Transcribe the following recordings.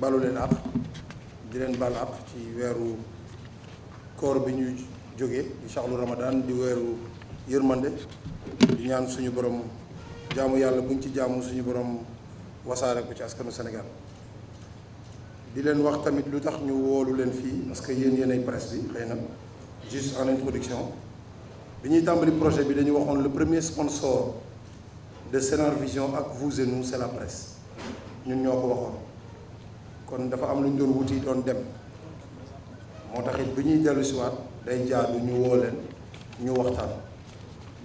balu leen àq di len bal àq ci wéru koor bi ñu joggé di saxlu ramadan di wéru yërmande di ñaan suñu borom jaamu yalla buñ ci jaamu suñu borom wasaare ko ci askanu Sénégal di len wax tamit lu tax ñu wolu len fi parce que yeen yéen ay presse bi xëy na juste en introduction bi ñuy tàmbali projet bi dañu waxon le premier sponsor de Sénar Vision ak vous et nous c'est la presse ñun ñoko waxon kon dafa am lu doon wuti doon dem moo tax it bi ñuy dellu siwaat day jaadu ñu wolen ñu waxtan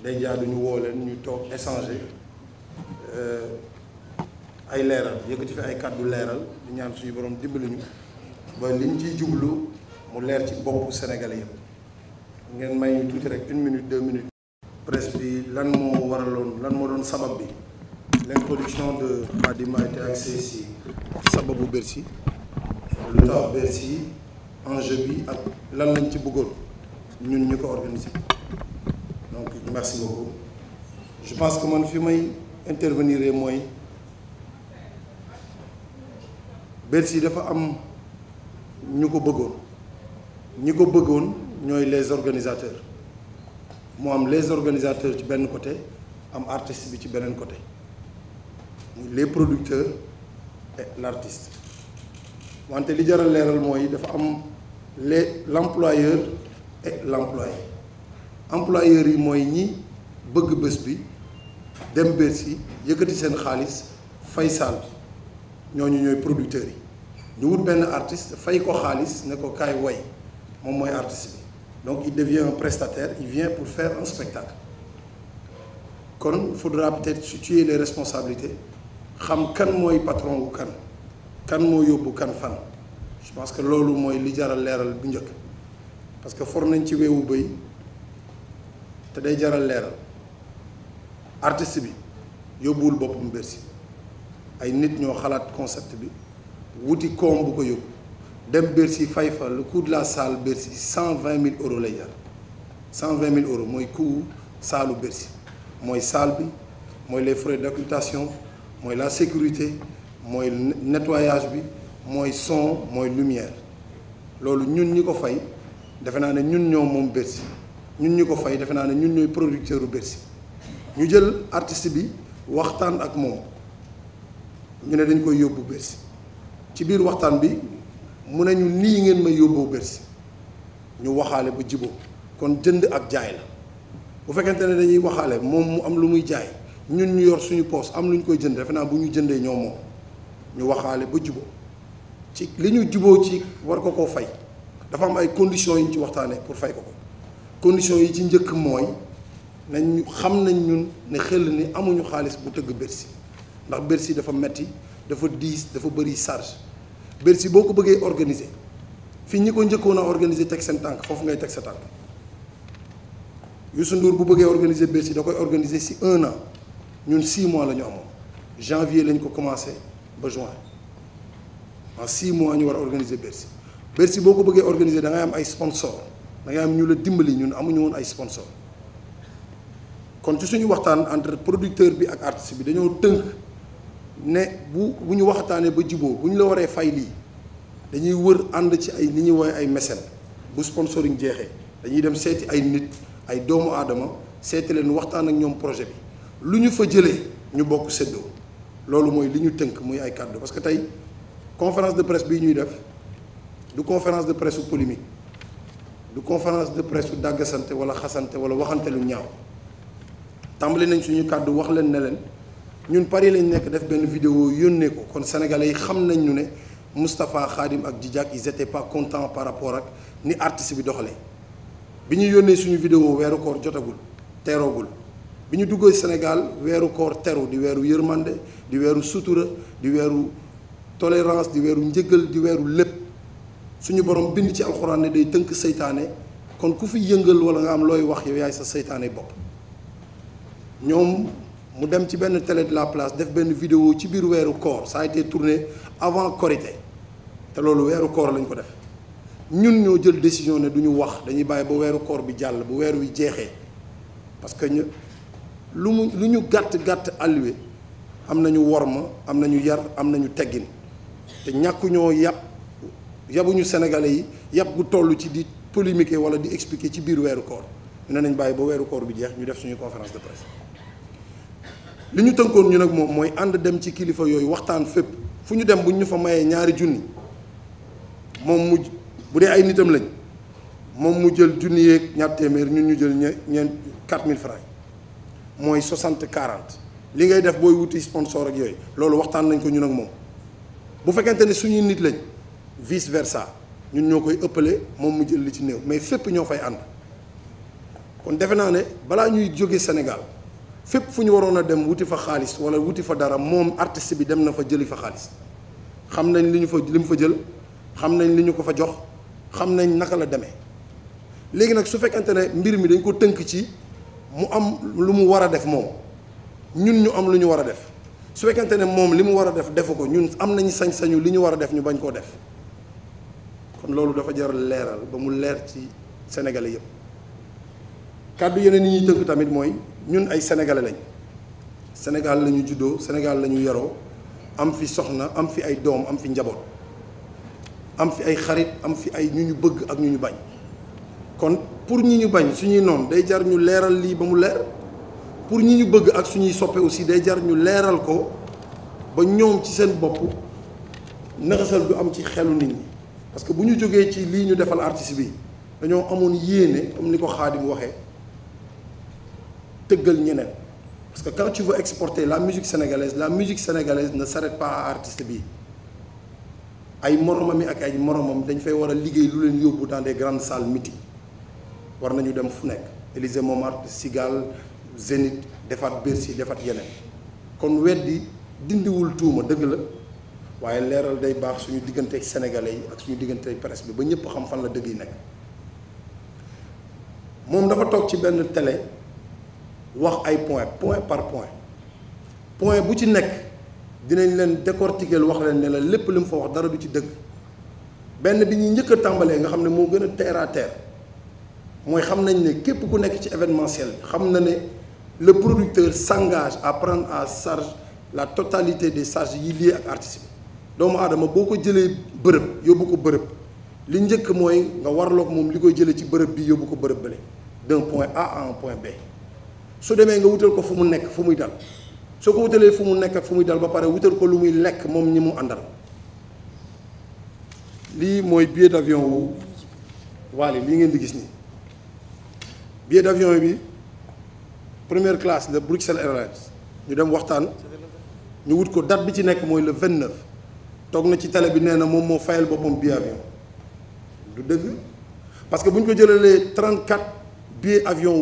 day jaadu ñu wolen ñu tok échanger euh, ay leral yëkkati fi ay cadeau leral di ñaan suñu borom dimbali ñu ba liñ ci jublu mu leer ci boppu Sénégalais yëp ngeen may ñu tuuti rek 1 minute 2 minute presse bi lan mo waralon lan mo doon sabab bi L'introduction de Madima a été axée sur Sababou Bercy, le tax Bercy Angebi, à Bougol, lan lañ ci bëggoon ñun donc merci beaucoup je pense que mon fi may moi. mooy Bercy dafa am nous ko bëggoon Nous nous nous sommes les organisateurs Moi, am les organisateurs ci benn côté am artistes bi ci côté les producteurs et l'artiste. artiste wante li jaral leeral mooy dafa am les employeur et l'employé. employé yi moy ñi bëgg bëss bi dem bés yi yëkkati seen Faisal fay saal ñooñu producteurs yi ñu wut ben artiste fay ko xaalis ne ko kay way artiste bi donc il devient un prestataire il vient pour faire un spectacle il faudra peut-être situer les responsabilités xam kan mooy patron wu kan kan kan fan je pense que c'est ce li jaral leeral bu parce que for nañ ci weewu bëy te day jaral artiste bi yóbbuwul boppam Bercy ay nit concept bi wuti ko dem le coût de la salle Bercy cent euros lay jar cent euros mooy coût saalu Bercy salle bi les frais mooy la sécurité mooy nettoyage bi mooy son mooy lumière loolu ñun ñi ko fay defe naa ne ñun ñoo moom Bercy ñun ñi ko fay defe naa ne ñun ñooy producteur u Bercy ñu jël artiste bi waxtaan ak moom ñu ne dañ koy yóbbu Bercy ci biir waxtaan bi mu ne ñu nii ngeen may yóbboo Bercy ñu waxaale bu jiboo kon jënd ak jaay la bu fekkente ne dañuy waxaale moom mu am lu muy jaay ñun ñu yor suñu poos am lu ñu koy jënd defe naa bu ñu jëndee ñoo moom ñu waxaale ba juboo ci li ñu juboo ci war ko koo fay dafa am ay conditions yi ci waxtaanee pour fay ko ko conditions yi ci njëkk mooy nañ xam nañ ñun ne xel ni amuñu xaalis bu tëgg Bercy ndax Bercy dafa metti dafa diis dafa bëri charge Bercy boo ko bëggee organiser fii ñi ko njëkkoon a organiser teg seen tànk foofu ngay teg sa tànk Youssou Ndour bu bëggee organiser Bercy da koy organiser si un an. ñun 6 mois lañu ñu amoon janvier lañ ko commencé ba juin en 6 mois ñu war a organiser Bercy Bercy boo ko bëggee organiser da ngay am ay sponsor da ngay am ñu la dimbali ñun amuñu woon ay sponsor kon ci suñu waxtaan entre producteur bi ak artiste bi dañoo tënk ne bu bu ñu waxtaanee ba jiboo bu ñu la waree fay lii dañuy wër ànd ci ay li ñuy woowee ay mécène bu sponsoring jeexee dañuy dem seeti ay nit ay doomu aadama seeti leen waxtaan ak ñoom projet bi lu ñu fa jëlé ñu bokk séddoo lolu moy li ñu tënk muy ay cadeau parce que tay conférence de presse bi ñuy def du conférence de presse u polémique du conférence de presse u santé wala xasante wala waxanté lu ñaaw tambalé nañ suñu cadeau wax leen ne leen ñun Paris lañ nekk def ben vidéo yónnee ko kon sénégalais xam nañ ñu né Mustapha Khadim ak Djidiack ils étaient pas contents par rapport ak ni artiste bi doxalé biñu ñu suñu vidéo wéru koor jotagul teeroogul bi ñu duggee Sénégal weeru koor teru di weeru yërmande di wéru sutura di wéru tolérance di wéru njëgal di wéru lépp suñu borom bind ci alxuraan ne day tënk seytaane kon ku fi yëngal wala nga am looy wax yow yaay sa seytaane bopp ñoom mu dem ci benn télé de la place def benn vidéo ci biir weeru koor ça a été tourné avant Korité te loolu weeru koor lañ ko def ñun ñoo jël décision ne du ñu wax dañuy bàyyi ba weeru koor bi jàll bu weer wi jeexee parce que ñu lu mu lu ñu gàtt gàtt alluwe am nañu worma am nañu yar am nañu teggin te ñàkkuñoo yàpp yabuñu sénégalais yi yàpp gu tollu ci di polémiquer wala di expliquer ci biir weeru koor ñu ne nañ bàyyi ba weeru koor bi jeex ñu def suñu conférence de presse li ñu tënkoon ñu nag moom mooy ànd dem ci kilifa yooyu waxtaan fépp fu ñu dem buñ ñu fa mayee ñaari junni moom mu bu dee ay nitam lañ moom mu jël junni yeeg téeméer ñun ñu jël ñe ñeent 4000 francs mooy 60 40 li ngay def booy wuti sponsor ak yooyu loolu waxtaan nañ ko ñu nag moom bu fekkente ne suñuy nit lañ vice versa ñun ñoo koy ëppale moom mu jël li ci néew mais fépp ñoo fay ànd kon defe naa ne balaa ñuy jóge Sénégal fépp fu ñu waroon a dem wuti fa xaalis wala wuti fa dara moom artiste bi dem na fa jëli fa xaalis xam nañ li ñu fa li mu fa jël xam nañ li ñu ko fa jox xam nañ naka la demee léegi nag su fekkente ne mbir mi dañ ko tënk ci. mu am lu mu war a def moom ñun ñu am lu ñu war a def su fekkente ne moom li mu war a def defu ko ñun am nañu sañ-sañu li ñu war a def ñu bañ koo def kon loolu dafa jar leeral ba mu leer ci sénégalais yëpp kàddu yeneen yi ñuy tamit mooy ñun ay sénégalais lañ Sénégal la juddoo Sénégal lañu ñu am fi soxna am fi ay doom am fi njaboot am fi ay xarit am fi ay ñu ñu bëgg ak ñu ñu bañ. kon pour ñi bañ suñuy non day jar ñu léral li ba mu lér pour ñi ñu bëgg ak suñuy soppé aussi day jar ñu léral ko ba ñoom ci seen bopp naxasal du am ci xélu nit ñi parce que buñu joggé ci li ñu défal artiste bi dañoo amone yéene comme niko khadim waxé waxee tëggal ñeneen parce que quand tu veux exporter la musique sénégalaise la musique sénégalaise ne s'arrête pas à artiste bi ay moromami ak ay moromam dañ fay wara liggéey lu leen yobbu dans des grandes salles mythiques war nañu dem fu nekk Élysée Montmartre Cigale Zénith defaat Bercy defaat yeneen kon weddi dindiwul tuuma dëgg la waaye leeral day baax suñu diggante sénégalais yi ak suñu digganteeg presse bi ba ñëpp xam fan la dëgg yi nekk moom dafa toog ci benn tele wax ay point point par point point bu ci nekk dinañ leen décortiquer wax leen ne la lépp li mu fa wax dara du ci dëgg benn bi ñuy njëkk tàmbalee nga xam ne moo gën a terre à moy xam nañ ne képp ku nekk ci événementiel bi xam na ne le producteur s'engage à prendre en charge la totalité des charges yi liées ak artiste bi doomu aadama boo ko jëlee bërëb yóbbu ko bërëb li njëkk mooy nga warloog moom li koy jëlee ci bërëb bi yóbbu ko bërëb bële d'un point A à un point B su demee nga wutal ko fu mu nekk fu muy dal soo ko wutalee fu mu nekk ak fu muy dal ba pare wutal ko lu muy lekk moom ñi mu àndal lii mooy billet d'avion wu Wally lii ngeen di gis nii billet d'avion première classe de Bruxelles Airlines ñu dem waxtaan ñu wut ko date bi le 29 Donc na ci télé bi le billet avion du parce que si nous ko les 34 billet avion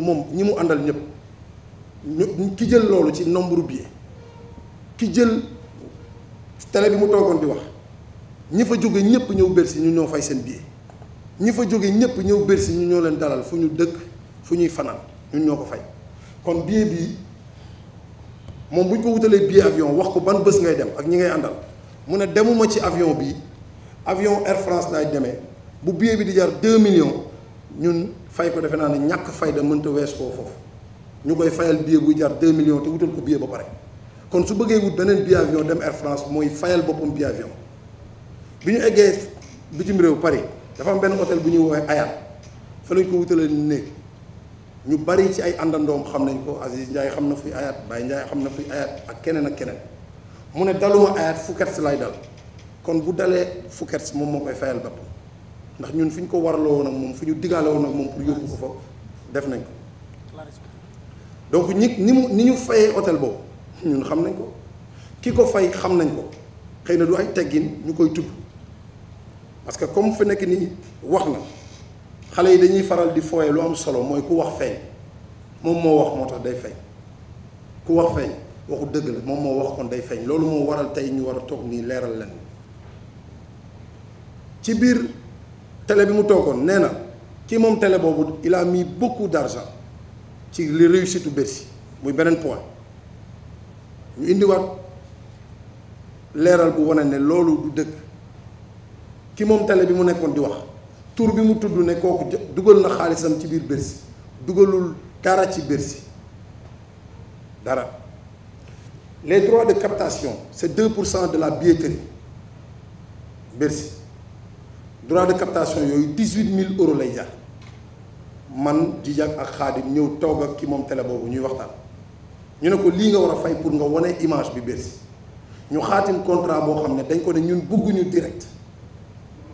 Qui le nombre billet ki jël télé bi mu di wax ñi fa le ñu ñoo fay seen billet ñi fa billets, fu ñuy ñun ñoko fay kon billet bi mom buñ ko wutale billet avion wax ko ban bëss ngay dem ak ñi ngay andal mu ne demuma ci avion bi avion Air France laay démé bu billet bi di jar 2 millions ñun fay ko defe naa ñak ñàkk fayda mënta wess koo foofu ñu koy fayal billet bu jar 2 millions te wutal ko billet ba pare kon su bëggee wut beneen billet avion dem Air France moy fayal bopum billet avion bi éggé eggee bitim réew Paris dafa am ben hôtel bu ñuy woowee Hayat fa lañ ko wutalee néeg ñu bari ci ay àndandoom xam nañ ko Aziz Ndiaye xam na fuy ayaat Baye Ndiaye xam na fuy ayat ak keneen ak keneen mu ne daluma ayat Fouquet's lay dal kon bu dalee Fouquet's moom moo koy fayal bopp ndax ñun fi ñu ko warloo woon ak moom fi ñu diggaale woon ak moom pour yóbbu ko fa def nañ ko donc ñi ni mu ni ñu fayee hôtel boobu ñun xam nañ ko ki ko fay xam nañ ko xëy na du ay teggin ñu koy tudd parce que comme fi nekk nii wax na xalé yi dañuy faral di fooye lu am solo moy ku wax feeñ mom mo wax moo day feeñ ku wax feeñ waxu deug la mom mo wax kon day feeñ loolu mo waral tay ñu wara tok ni léral lan ci bir télé bi mu toogoon nee na mom télé bobu il a mis beaucoup d'argent ci li réussite u Bercy muy benen point ñu indi wat léral bu wane ne loolu du deug ki mom télé bi mu nekkon di wax tour bi mu tudd ne kooku dugal na xaalisam ci biir dugalul dara ci dara les droits de captation c'est deux pour cent de la billetterie Bercy droits de captation yooyu dix-huit mille euros lay jar man Djidiack ak Khadim ñëw toog ak ki moom télé boobu ñuy waxtaan ñu ne ko lii nga war a fay pour nga wane image bi Bercy ñu xaatim contrat boo xam ne dañ ko ne ñun direct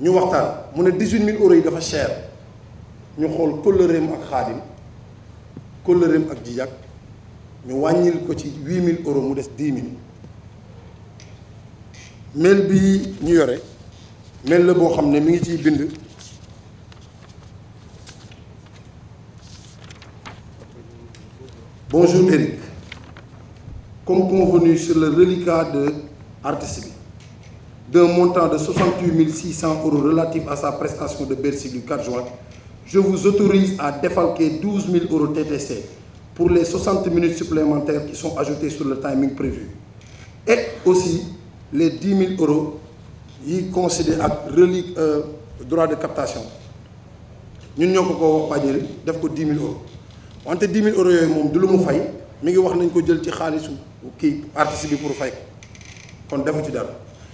ñu waxtaan mu 000 euros yi dafa cher ñu xool kóllëreem ak xaadim kóllëreem ak jijak ñu wàññil ko euros mu 10000 mail bonjour Eric comme convenu sur le reliquat de artiste d'un montant de 68 600 euros relatif à sa prestation de Bercy du 4 juin, je vous autorise à défalquer 12 000 euros TTC pour les 60 minutes supplémentaires qui sont ajoutées sur le timing prévu. Et aussi les 10 000 euros yi considéré ak relique euh, droit de captation Nous n'avons ko ko wax nous def ko 10 000 euros wante 10 000 euros nous avons du lu mu fay mi ngi wax nañ ko jël ci pour fay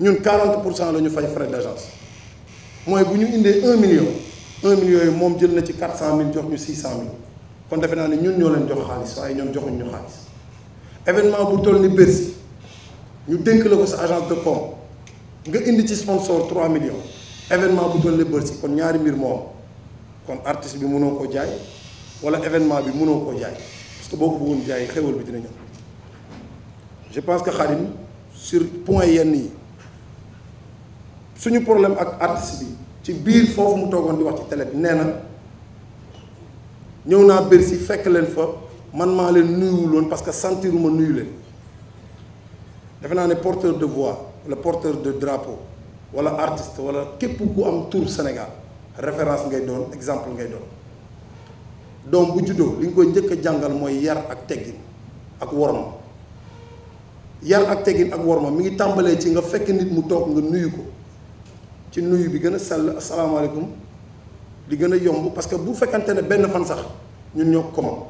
ñun 40 pour frais d'agence moi Si nous ñu 1 million 1 million yi moom jël na ci 400000 jox ñu 600000 kon defe naa ne ñun ñoo leen jox xaalis waaye événement bu toll ni Bercy ñu dénk agence de com nga indi ci sponsor 3 millions événement bu toll ni Bercy kon ñaari mbir moo artiste bi mënoo voilà jaay wala événement bi mënoo koo jaay parce que boo ko bëggoon jaay bi je pense que Khadim sur point yenn suñu problème ak artiste bi ci biir foofu mu toogoon di wax ci télé bi nee na ñëw naa Bercy fekk leen fa man maa leen nuyuwul woon parce que sentiruma nuyu leen defe naa ne porteur de voix wala porteur de drapeau wala artiste wala képp ku am tour Sénégal référence ngay doon exemple ngay doon doom bu juddoo li nga koy njëkk a jàngal mooy yar ak teggin ak worma yar ak teggin ak worma mi ngi tàmbalee ci nga fekk nit mu toog nga nuyu ko. ci nuyu bi gën a sell asalaamaaleykum li gën a yomb parce que bu fekkante ne benn fan sax ñun ñoo ko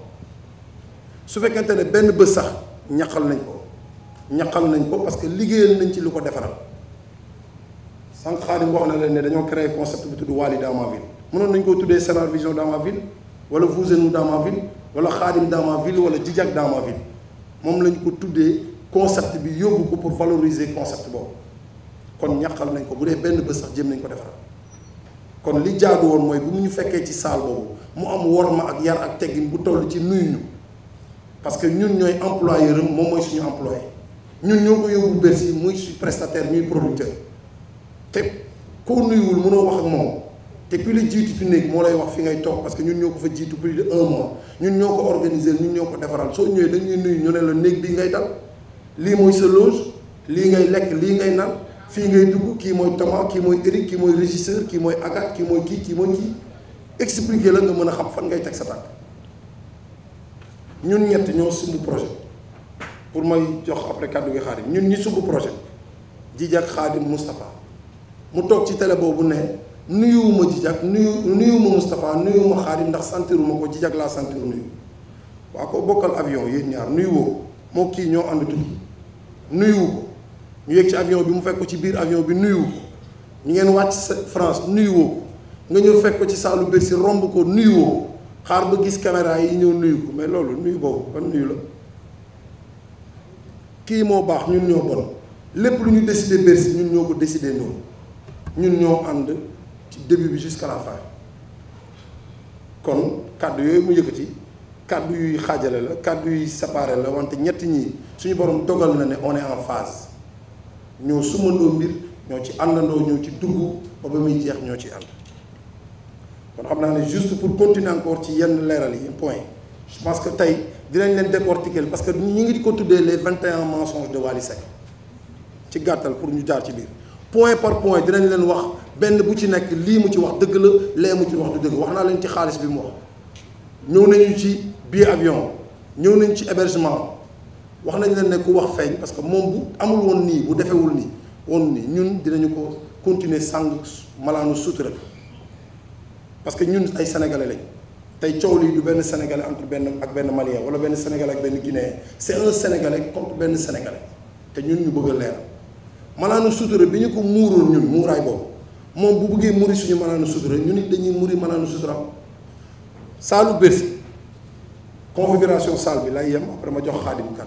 su fekkente ne benn bés sax ñaqal nañ ko ñaqal nañ ko parce que liggéeyal nañ ci lu ko defaral sànq Xaadim wax na leen ne dañoo créé concept bi tudd Wally dans ma ville mënoon nañ koo tuddee Sénar Vision dans ma ville wala vous et nous dans ma ville wala Xaadim dans ma ville wala Jijak dans ma ville moom lañ ko tuddee concept bi yóbbu ko pour valoriser concept boobu kon ñaqal nañ ko bu dee benn bés sax jëm nañ ko defar kon li jaadu woon mooy bu mu ñu fekkee ci saal boobu mu am worma ak yar ak teggin bu toll ci nuyu ñu parce que ñun ñooy employeur am moom mooy suñu employé ñun ñoo ko yóbbu Bercy muy suñu prestataire muy producteur te koo nuyuwul mënoo wax ak moom te ku la jiitu fi nekk moo lay wax fi ngay toog parce que ñun ñoo ko fa jiitu plus de un mois ñun ñoo ko organiser ñun ñoo ko defaral soo ñëwee dañuy nuyu ñu ne la néeg bii ngay dal lii mooy sa loge lii ngay lekk lii ngay nal qui est Thomas qui est Eric qui est régisseur qui est Agathe qui, est qui, qui... le expliquer la nga mon xam fan ngay ñun un projet pour moi, jox après nous gi fait ñun ñi un projet Jijak Khadim Moustapha mu ci télé ne Nous avons nuyu Moustapha nuyuwuma dans ndax sentiruma ko Jijak pas Nous nuyu un ko Nous avion yéen ñaar nous avons ci avion bi mu avion bi nuyu France nuyu wo nga ñu fekk ko ci ci romb ko nuyu xaar gis caméra yi nuyu mais lolu nuyu Nous kon nuyu ñun ñoo nous lu ñu décidé décider ñun ñoo ko début jusqu'à la fin kon nous yoy mu séparé la wante suñu borom na on est en phase ñoo sumandoo mbir ñoo ci àndandoo ñoo ci dugg ba ba muy jeex ñoo ci ànd kon xam naa juste pour continuer encore ci yenn point je pense que tey dinañ leen décortiquer parce que ñu ngi ko les 21 mensonges de Wali Seck ci pour ñu jaar ci point par point dinañ leen wax benn bu ci nekk lii mu ci wax dëgg la lee mu ci wax du dëgg wax naa leen ci xaalis bi mu wax nañu ci billet avion ñëw ci hébergement wax nañ leen ne ku wax feeñ parce que moom bu amul woon nii bu defewul nii woon nii ñun dinañu ko continuer sàng malaanu sutura parce que ñun ay sénégalais tey coow lii benn sénégalais entre benn ak benn malien wala benn sénégalais ak benn guinéen c'est un sénégalais contre benn sénégalais te ñun ñu bëgg a malaanu sutura bi ñu ko muuroon ñun muuraay boobu moom bu bëggee muri suñu malaanu sutura ñun it dañuy muri malaanu sutura saalu Bercy configuration salle bi lay yem après ma jox xaadim kan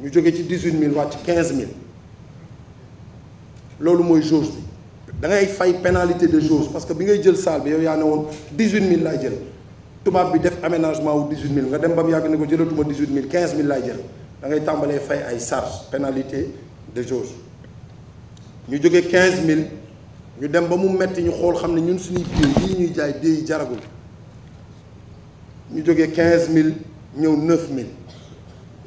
nous avons 18 000 watts, 15 000. C'est ce que je veux dire. Il faut une pénalité de jauge. Parce que si vous avez salle, il y a 18 000 la gel. Tout le monde aménagement de 18 000. Vous avez fait 18 000, 15 000 la gel. Vous avez fait une charge, pénalité de jauge. Nous 15 000. Nous avons fait mettre nous avons nous avons fait nous avons nous avons fait nous 15 000, nous avons 9 000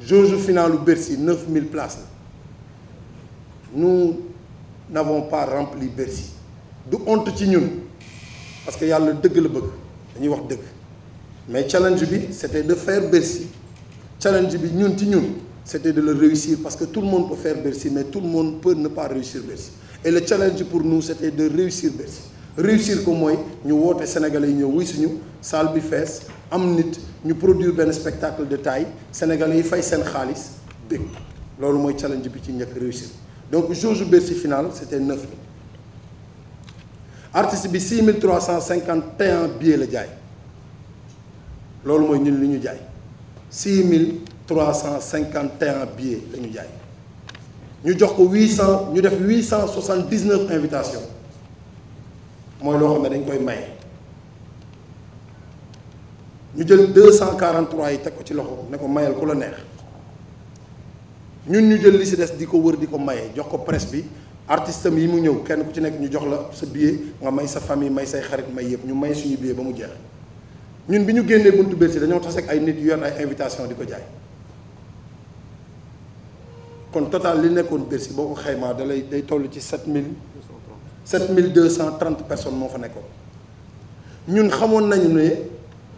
final de Bercy, 9000 places. Nous n'avons pas rempli Bercy. De honte Parce qu'il y a le deug Mais le challenge, c'était de faire Bercy. Le challenge, nous, c'était de le réussir. Parce que tout le monde peut faire Bercy, mais tout le monde peut ne pas réussir Bercy. Et le challenge pour nous, c'était de réussir Bercy. Réussir comme moi, nous, les Sénégalais, nous, oui, nous, salle, fess, am nit, nous produisons un spectacle de taille, les Sénégalais font leur c'est ce qui est le challenge pour réussir. Donc, le jour du Bercy final, c'était 9 000. L'artiste a 6 351 billets. C'est ce qui est nous réussir. 6 351 billets. Nous avons fait 879 invitations. C'est ce vous est le ñu jël deux cent quarante trois yi teg ko ci loxo ne ko mayal ku la neex ñun ñu jël li si des di ko wër di ko maye jox ko press bi artiste am yi mu ñëw kenn ku ci nekk ñu jox la sa billet nga may sa famille may say xarit may yëpp ñu may suñu billet ba mu jeex ñun bi ñu génnee buntu Bercy dañoo tase ak ay nit yu yor ay invitation di ko jaay kon total li nekkoon Bercy boo ko xaymaa da day toll ci sept mille sept mille deux cent trente personnes moo fa nekkoon xamoon nañu ne.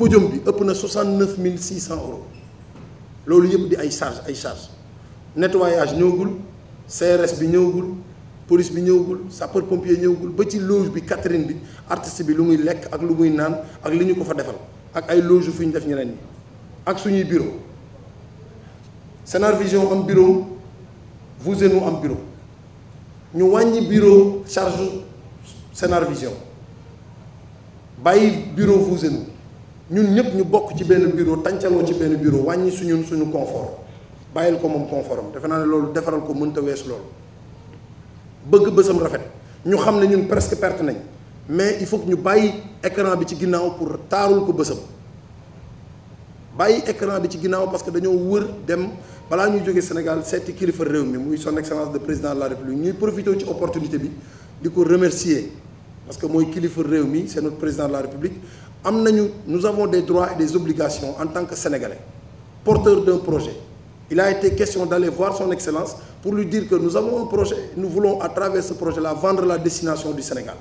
podium bi ëpp na 69 600 euros loolu yëpp di ay charge ay charge nettoyage ñëwagul CRS bi ñëwagul police bi ñëwagul sapeur pompier ñëwagul ba ci loge bi Catherine bi artiste bi lu muy lekk ak lu muy naan ak li ñu ko fa defal ak ay loge fu ñu def ñeneen ñi ak suñuy bureau Sénar Vision am bureau vous et nous am bureau ñu wàññi bureau charge Sénar Vision bàyyi bureau vous et nous ñun ñëpp ñu bokk ci benn bureau tàncaloo ci benn bureau wàññi suñu suñu confort bàyyil ko moom confortam defe naa ne loolu defaral ko mun mënta weesu loolu bëgg bësam rafet ñu xam ne ñun presque perte nañ mais il faut ñu bàyyi ecran bi ci ginnaaw pour taarul ko bësam bàyyi écran bi ci ginnaaw parce que dañoo wër dem balaa ñuy jóge Sénégal seeti kilifa réew mi muy son excellence de président de la république ñuy profité ci opportunité bi di ko remercier parce que mooy kilifa réew mi c'est notre la république nous avons des droits et des obligations en tant que sénégalais porteur d'un projet il a été question d'aller voir son excellence pour lui dire que nous avons un projet nous voulons à travers ce projet là vendre la destination du Sénégal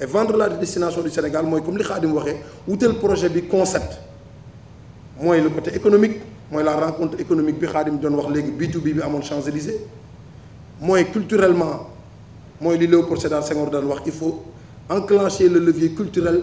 et vendre la destination du Sénégal moi, comme li Khadim est le projet bi concept Moi, le côté économique moi, la rencontre économique bi Khadim doon wax B2B bi amoon Champs-Élysées Moi, culturellement moi, li il faut enclencher le levier culturel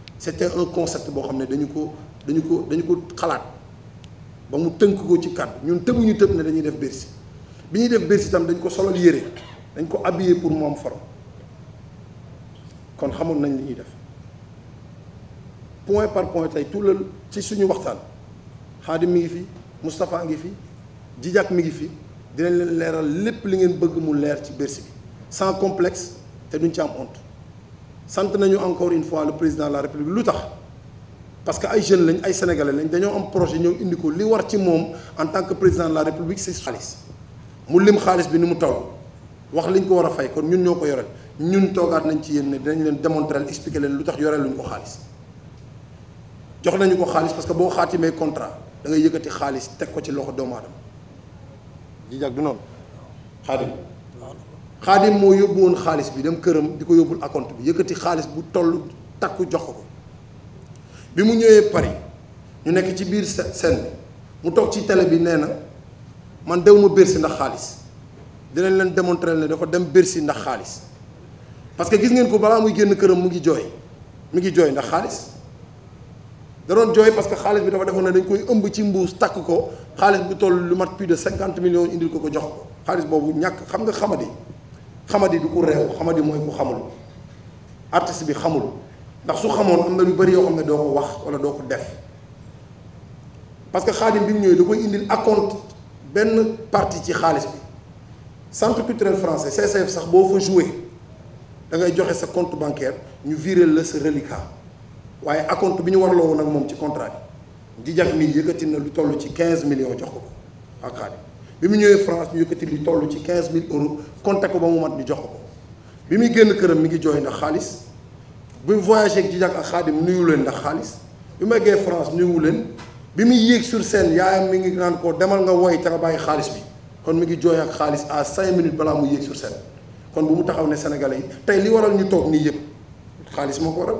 c'était un concept bo xamné ne dañu ko dañu ko dañu ko ba mu teunk ko ci ñun dañuy def Bercy bi def Bercy tam dañ ko dañ ko habillé pour mom kon nañ li point par point tout le ci suñu waxtan mi Moustapha ngi fi mi ngi fi dinañ li sans complexe té duñ honte sant nañu encore une fois le président de la république lutax parce que ay jeunes lañ ay sénégalais lañ dañoo am projet ñeu indi ko li war ci mom en tant que président de la république c'est xaliss mu lim xaliss bi ni mu taw wax liñ ko wara fay kon ñun ñoko ko ñun toogaat nañ ci yéen dañ leen démontrer expliquer leen lutax tax luñ ko xaliss jox nañu ko xaliss parce que bo xaatimee contrat da ngay yëkëti xaliss tek ko ci loxo doom adam di jag du noonu xaadim khadim mo yóbbu woon bi dem këram diko yobul account bi yëkkati khalis bu tollu takku jox ko bi mu ñëwee Paris ñu nekk ci biir sen mu tok ci télé bi néna man dew Bercy ndax khalis dinañ leen démontrer né dafa dem Bercy ndax khalis parce que gis ngeen ko bala muy génn këram mu ngi joy mu ngi joy ndax khalis da ron joy parce que khalis bi dafa defone dañ koy ëmb ci mbuus takk ko khalis bu toll lu mat plus de 50 millions indil ko ko jox ko xam nga xamadi xamadi du ko réew xamadi moy ko xamul artiste bi xamul ndax su xamone am na lu bëri yoo xam ne ko wax wala do ko def parce que khadim bi mu ñëwee da koy indil acompte ben partie ci xaalis bi centre culturel français CCF sax bo fa jouer da ngay joxe sa compte bancaire ñu virer le ce reliquat waye acompte bi ñu warlo won ak mom ci contrat bi di jax mi yëkkati na lu tollu ci 15 millions jox ko ak khadim bi mu ñëwee France ñu yëkkati li toll ci quinze mille euros compté ko ba mu mat ñu jox ko bi muy génn këram mi ngi jooy ndax xaalis bi mu voyagé ak Jijak ak nuyu leen ndax xaalis bi mu eggee France nuyu leen bi muy yéeg sur scène yaayam mi ngi naan ko demal nga woy te nga bàyyi xaalis bi kon mi ngi jooy ak xaalis à cinq minutes balaa mu yéeg sur scène kon bu mu taxaw ne sénégalais yi tey li waral ñu toog nii yëpp xaalis moo ko waral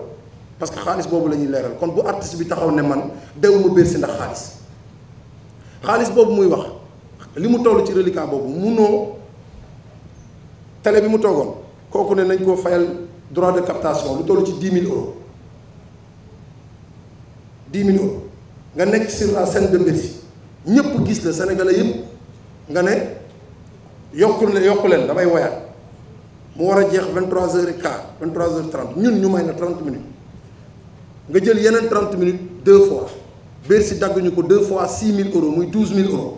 parce que xaalis boobu la ñuy leeral kon bu artiste bi taxaw ne man dew ma biir si ndax xaalis boobu muy wax. li mu toll ci reliquat télé bi mu togon ne nañ ko fayal droit de captation lu 000 ci 10 euros 10 000 euros nga nek sur la scène de Bercy ñepp gis le sénégalais yëpp nga ne yokul vous allez... vous damay woyaat mu wara jeex 23 h et quart 30 ñun ñu may na minutes nga jël yeneen minutes deux fois bersi ko deux fois six mille euros muy 12.000 euros.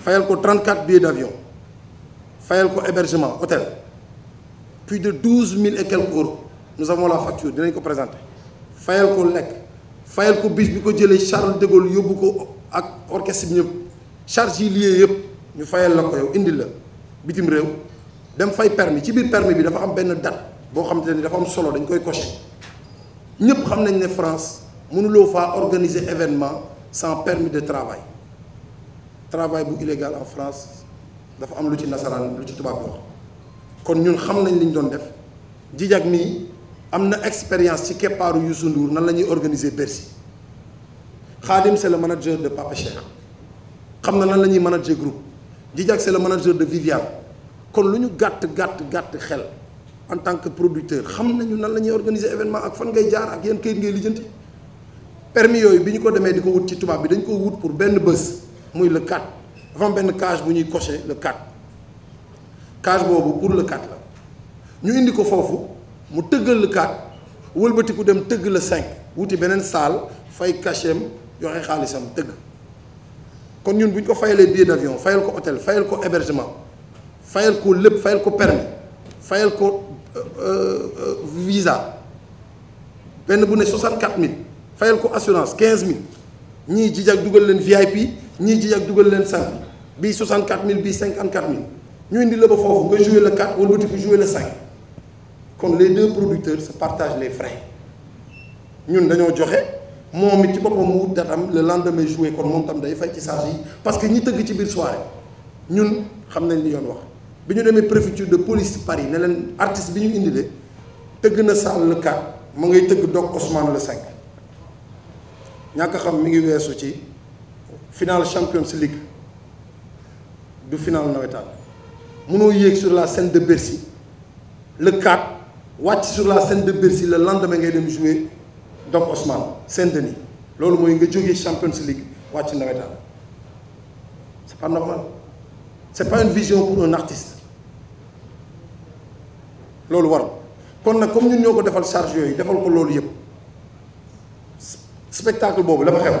fayal ko 34 billets d'avion fayal ko hébergement hôtel plus de 12 000 et quelques euros nous avons la facture dinañ ko présenter fayal ko lek, fayal ko bis bi ko Charles de Gaulle yobou ko ak orchestre bi ñep charge yi lié yep ñu fayal la ko yow indi la bitim rew dem fay permis ci biir permis bi dafa am ben date bo xam te dafa am solo dañ koy cocher ñep xam nañ ne France mënuloo fa organiser événement sans permis de travail travail bu illégal en France dafa am lu ci nasaran lu ci tuba bi wax kon ñun xam nañ li doon def Djidiack mi amna expérience ci képaru Youssou nan lañuy organiser Bercy Khadim c'est le manager de Papa Cheikh xam na nan lañuy manager groupe Djidiack c'est le manager de Vivian. kon luñu gatt gatt gatt xel en tant que producteur xam nañu nan lañuy organiser événement ak fan ngay jaar ak yeen këyit ngay lijjanti permis yooyu bi ñu ko demee di ko wut ci tubaab bi dañ ko wut pour benn bés. C'est le 4 Avant une cage case pour le 4 case est pour le 4 la ñu indi ko le 4 ou nous dem le 5 wuti une salle fay cachem yo xaalisam tëgg kon ñun ko 5, billet d'avion fayal ko fait fayal ko hébergement fayal ko permis fayal euh, euh, visa 64000 assurance 15000 ñii jijak dugal le VIP ñii ji ak duggal leen cinq bii 64000 bii 54000 ñu indi la ba foofu nga jouer le 4 wala bëtiku jouer le 5 kon les deux producteurs se partagent les frais ñun dañoo joxe moom ci boppam mu wut datam le lendemain jouer kon moom tam day fay ci charge yi parce que ñi tëgg ci biir soirée ñun xam nañ li yoon wax bi ñu demee préfecture de police Paris ne leen artiste bi ñu le tëgg na salle le 4 mu ngay tëgg Doc Ousmane le 5 ñàkk xam mi ngi weesu ci final Champions League du finale Nous nous sur la scène de Bercy le 4 watch sur la scène de Bercy le lendemain il dem jouer donc Osman, Saint-Denis loolu la nga Champions League wàcc Nawetal. c'est pas normal c'est pas une vision pour un artiste loolu Waro. kon comme ñun ñoo ko nous charge fait defal ko loolu spectacle boobu la fa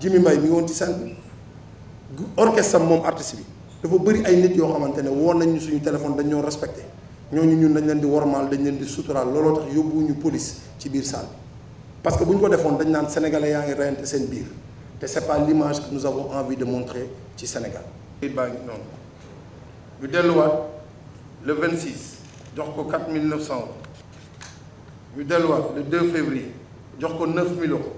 Jimi Mbaye mi ngi woon ci scène bi orchestre mom artiste bi dafa bëri ay nit yo xamantene ne woon nañ ñu suñu téléphone dañ ñoo respecté ñoñu ñun dañ leen di wormaal dañ leen di sutural looloo tax yobbu ñu police ci biir salle parce que buñ ko defoon dañ naan sénégalais yaangi ngi reyante seen biir te c'est pas l'image que nous avons envie de montrer ci Sénégal. it baa ngi noonu ñu delluwaat le 26 jox ko 4900 euros ñu delluwaat le 2 février jox ko 9000 euros.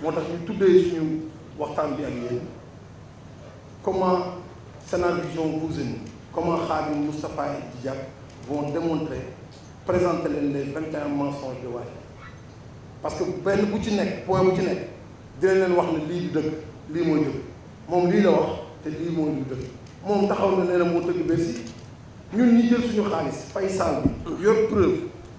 Tout le ñu est suñu bi comment Sénat vous et comment Khadim Moustapha et vont démontrer présenter les 21 mensonges de Wally parce que benn bu ci nekk point bu ci nekk dinañ leen wax ne lii du dëgg lii mooy dëgg moom lii la wax te lii mooy dëgg taxaw na nee na moo ñun ñi jël preuve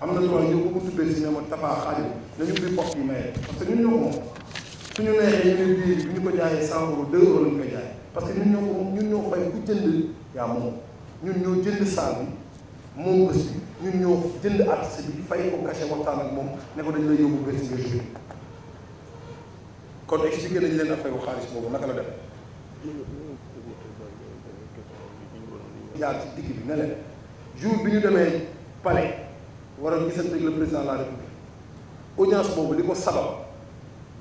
am na solo ñu ko ko tuddee si ne ma Tapha Khadim dañu bi bopp yi maye parce que ñun ñoo ko moom suñu neexee ñu ne bii bu ñu ko jaayee cent euros deux euros lañ parce que ñun ñoo moom ñun ñoo fay ku jënd yaa moom ñun ñoo jënd saal bi moom bés bi ñun ñoo jënd artiste bi fay ko cachet waxtaan ak moom ne ko dañ lay yóbbu bés nga joué kon expliqué nañ leen affaire xaalis boobu naka la def jaar ci digg bi ne leen jour bi ñu demee palais war a gisante ak le président de la république audience boobu li ko sabab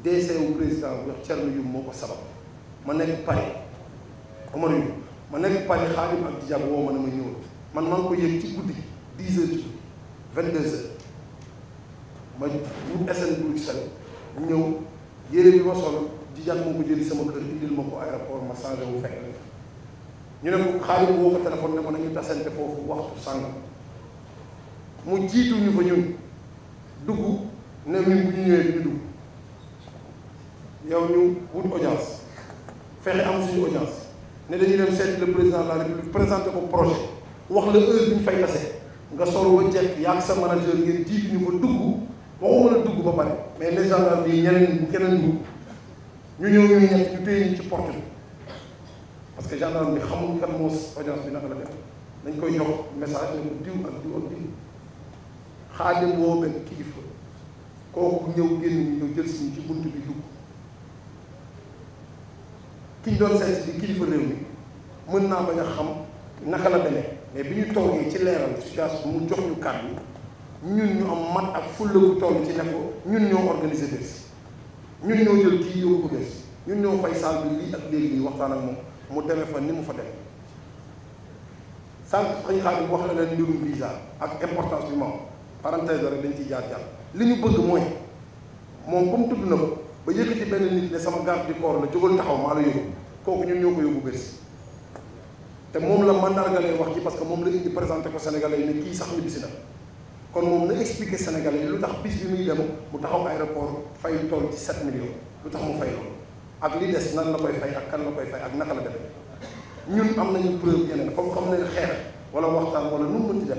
DC wu président bu wax Thierno Youm moo ko sabab ma nekk Paris Omar Youm ma nekk Paris Xaadim ak Diabo woo ma ne ma ñëwul man maa ko yëg ci guddi dix heures ci vingt deux heures ma wut SN Bruxelles ñëw yére bi ma sol Diabo moo ko jël sama kër indil ma ko aéroport ma changé wu fekk ñu ne ko Xaadim woo ko téléphone ne ko nañu tasante foofu waxtu sàngam mu jiituñu fa ñun dugg ne ñun ñu ñëwee du ñu yow ñu wut audience fexe am suñu audience ne dañuy dem seeti le président de la république présenté ko projet wax la heure bi ñu fay tase nga solo ba jekk yaa sa manager ngeen jiituñu fa dugg waxuma la dugg ba pare mais les gendarmes yi ñeneen bu keneen dugg ñu ñëw ñu ñett ñu téye ñu ci porte bi parce que gendarme bi xamul kan moo audience bi naka la def dañ koy jox message ne ko diw ak diw ak diw xaadim woo benn kilifa kooku ñëw génn ñu ñëw jël suñu ci bunt bi dugg ki doon seet bi kilifa réew mi mën naa bañ a xam naka la demee mais bi ñu toogee ci leeral situation mu jox ñu kàddu ñun ñu am mat ak fulla bu toll ci ñun ñoo organiser des ñun ñoo jël kii yóbbu des ñun ñoo fay saal bi lii ak léegi lii waxtaan ak moom mu demee fa ni mu fa demee sànq xëy xaadim wax na leen mbirum visa ak importance bi mu parenthèse rek dañ ciy jaar jàll li ñu bëgg mooy moom comme tudd na ko ba yëkkati benn nit ne sama garde du corps la jógal taxaw maa la yóbbu kooku ñun ñoo ko yóbbu bés te moom la mandargalee wax ci parce que moom la indi présenté ko Sénégalais yi ne kii sax ñu na kon moom na expliqué Sénégalais yi lu tax bis bi muy dem mu taxaw aéroport fay lu toll ci 7 millions lu tax mu fay loolu ak li des nan la koy fay ak kan la koy fay ak naka la demee ñun am nañu preuve yeneen comme xam ne xeex wala waxtaan wala nu mu mënti def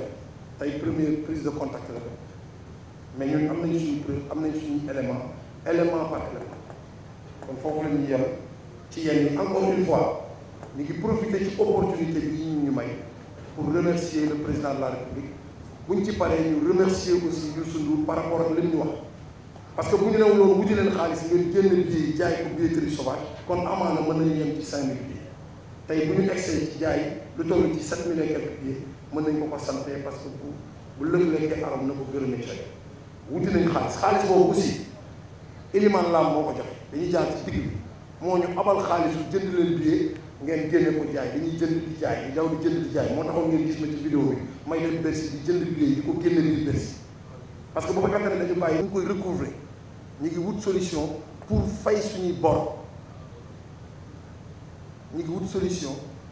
tey première prise de contact la rek mais ñun am nañ suñu preuve am nañ suñu élément élément par élément kon foofu la ñuy yem ci yéen ñi encore une fois ñu ngi profiter ci opportunité bi ñu ñu may pour remercier le président de la république buñ ci paree ñu remercier aussi Youssou Ndour par rapport ak li ñu wax parce que bu ñu new loolu wuti leen xaalis ngeen génn billet jaay ko billetterie sauvage kon amaana mën nañu yem ci cinq mille billets tey bu ñu egsee ci jaay lu toll ci sept mille et quelques billets mën nañ ko ko parce que bu bu aram na ko gërëmee ca wuti nañ xaalis xaalis boobu aussi Elimane Lam moo ko dañuy jaar ci abal xaalis jënd leen billet ngeen génne ko jaay dañuy jënd jaay jënd jaay moo taxoon ngeen gis ma ci vidéo bi may leen di jënd billet ko génne parce que bu ne dañu bàyyi ñu koy recouvrer ñu ngi wut solution pour fay suñuy bor ñu ngi wut solution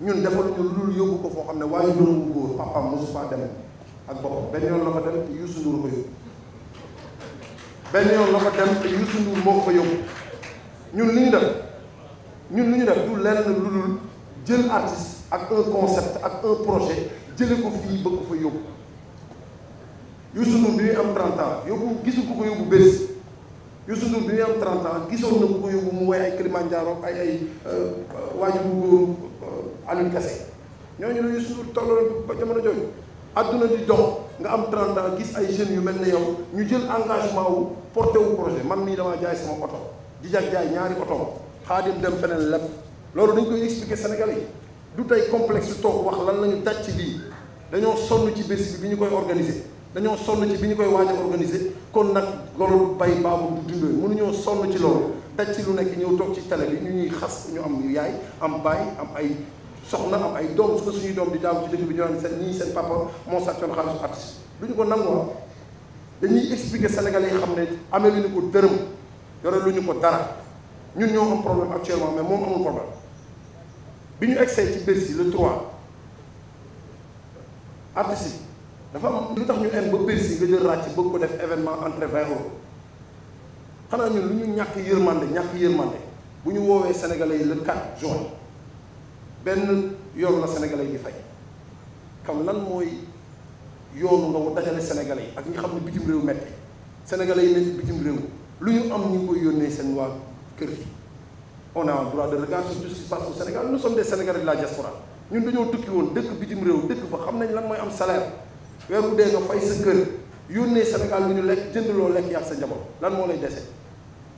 ñun defaluñu lu dul yóbbu ko foo xam ne waaye juróom bu góor papaam mosu faa dem ak boppam benn yoon la fa dem te Youssou Ndour ko yóbbu benn yoon la fa dem te Youssou Ndour moo ko fa yóbbu ñun li ñu def ñun li ñu def du lenn lu jël artiste ak un concept ak un projet jële ko fii ba ko fa yóbbu Youssou Ndour bi ñuy am 30 ans yóbbu gisu ko ko yóbbu bés Youssou Ndour bi ñuy am 30 ans gisoon na ko ko yóbbu mu woy ay Kilimanjaro ay ay euh, euh, waaju bu góor Alioune Kassé ñooñu la Youssou Ndour tolloon ba jamono jooju adduna di dox nga am 30 ans gis ay jeunes yu mel ne yow ñu jël engagement wu porté wu projet man mii damaa jaay sama oto di jag jaay ñaari oto xaadim dem feneen lépp loolu dañ koy expliquer Sénégalais yi du tey complexe bi toog wax lan la ñu daj ci lii dañoo sonn ci bés bi ñu koy organiser dañoo sonn ci bi ñu koy waaj a organiser kon nag loolu bay baabu du dundee mënuñoo sonn ci loolu daj ci lu nekk ñëw toog ci télé bi ñu ñuy xas ñu am yaay am baay am ay. soxna am ay doom su ko suñuy doom di daaw ci dëkk bi ñu naan seen ñii seen papa moo sàccoon xaalisu artiste lu ñu ko nanguwaat ah. dañuy expliquer Sénégalais yi xam ne amee lu ñu ko dërëm yore lu ñu ko dara ñun ñoo am problème actuellement mais moom amul problème bi ñu egsee ci Bercy le 3 artistes dafa am lu tax ñu en ba Bercy nga jël ci bëgg ko def événement entre 20 euros xanaa ñun lu ñu ñàkk yërmande ñàkk yërmande bu ñu woowee sénégalais yi le 4 juin. ben yoon la sénégalais yi fay xam lan mooy yoonu ndaw dajale sénégalais ak ñi xam ne bitim réew metti sénégalais yi nekk bitim réew lu ñu am ñu koy yónnee seen waa kër fi on a un droit de regard sur tout ce qui se passe au Sénégal nous sommes des sénégalais de la diaspora ñun dañoo tukki woon dëkk bitim réew dëkk fa xam nañ lan mooy am salaire weeru dee nga fay sa kër yónnee Sénégal lu ñu lekk jënd loo lekk yàq sa njaboot lan moo lay dese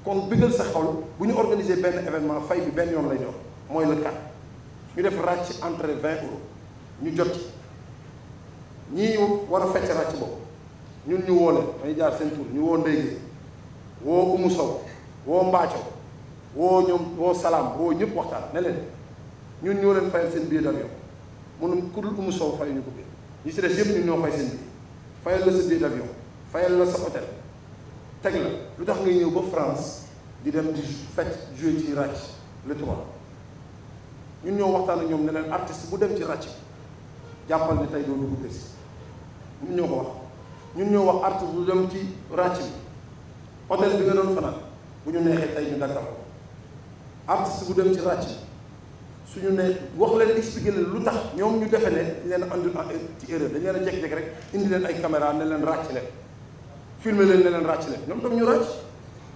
kon bëggal sa xol bu ñu organiser benn événement fay bi benn yoon lay doon mooy le cas ñu def ràcc entre 20 euros ñu jot ñii war a fecc ràcc boobu ñun ñu woo leen dañuy jaar seen tour ñu woo nous woo Umu Sow woo Mbaaco woo ñoom woo Salaam woo ñëpp waxtaan ne leen ñun ñoo leen fayal seen billet d'avion mënum ku dul Umu Sow fay ñu ko ñi si des yëpp ñoo fay seen billet fayal la sa billet d'avion fayal la sa hôtel teg la lu tax ñëw ba France di dem di fecc jouer ci le trois ñun ñoo waxtaan ak ñoom ne leen artiste bu dem ci ràcc jàppal ne tey doo dugg prison ñun ñoo ko wax ñun ñoo wax artiste bu dem ci ràcc bi hôtel bi nga doon fanaan bu ñu neexee tey ñu daggal ko artiste bu dem ci ràcc bi suñu ne wax leen expliqué leen lu tax ñoom ñu defe ne dañ leen andul ci erreur dañ leen a jekk-jekk rek indi leen ay caméra ne leen ràcc leen filmé leen ne leen ràcc leen ñoom tam ñu ràcc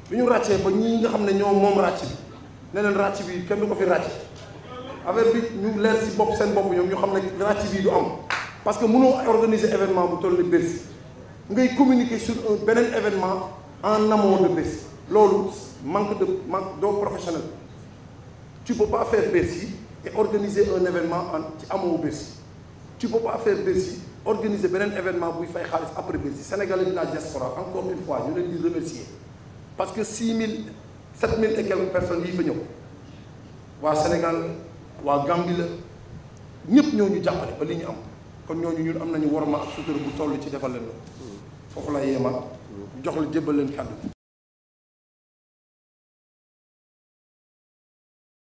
bi ñu ràccee ba ñii nga xam ne ñoom moom ràcc bi ne leen ràcc bi kenn du ko fi ràcc avec bi ñu leer si bopp seen bopp ñoom ñu xam ne ci bii du am parce que mënoo organiser événement bu toll ni Bercy ngay communiquer sur un beneen événement en amont de Bercy loolu manque de manque doo professionnel tu peux pas faire Bercy et organiser un événement en ci de Bercy tu peux pas faire Bercy organiser beneen événement buy fay xaalis après Bercy sénégalais de la diaspora encore une fois je leen di remercier parce que 6000, 000, et quelques personnes yi fa ñëw Sénégal waa Gambie la ñëpp ñoo ñu jàppale ba li ñu am kon ñooñu ñun am nañu warma ak sutura bu toll ci defal leen la mm. foofu la yemal jox la jébbal leen kàddu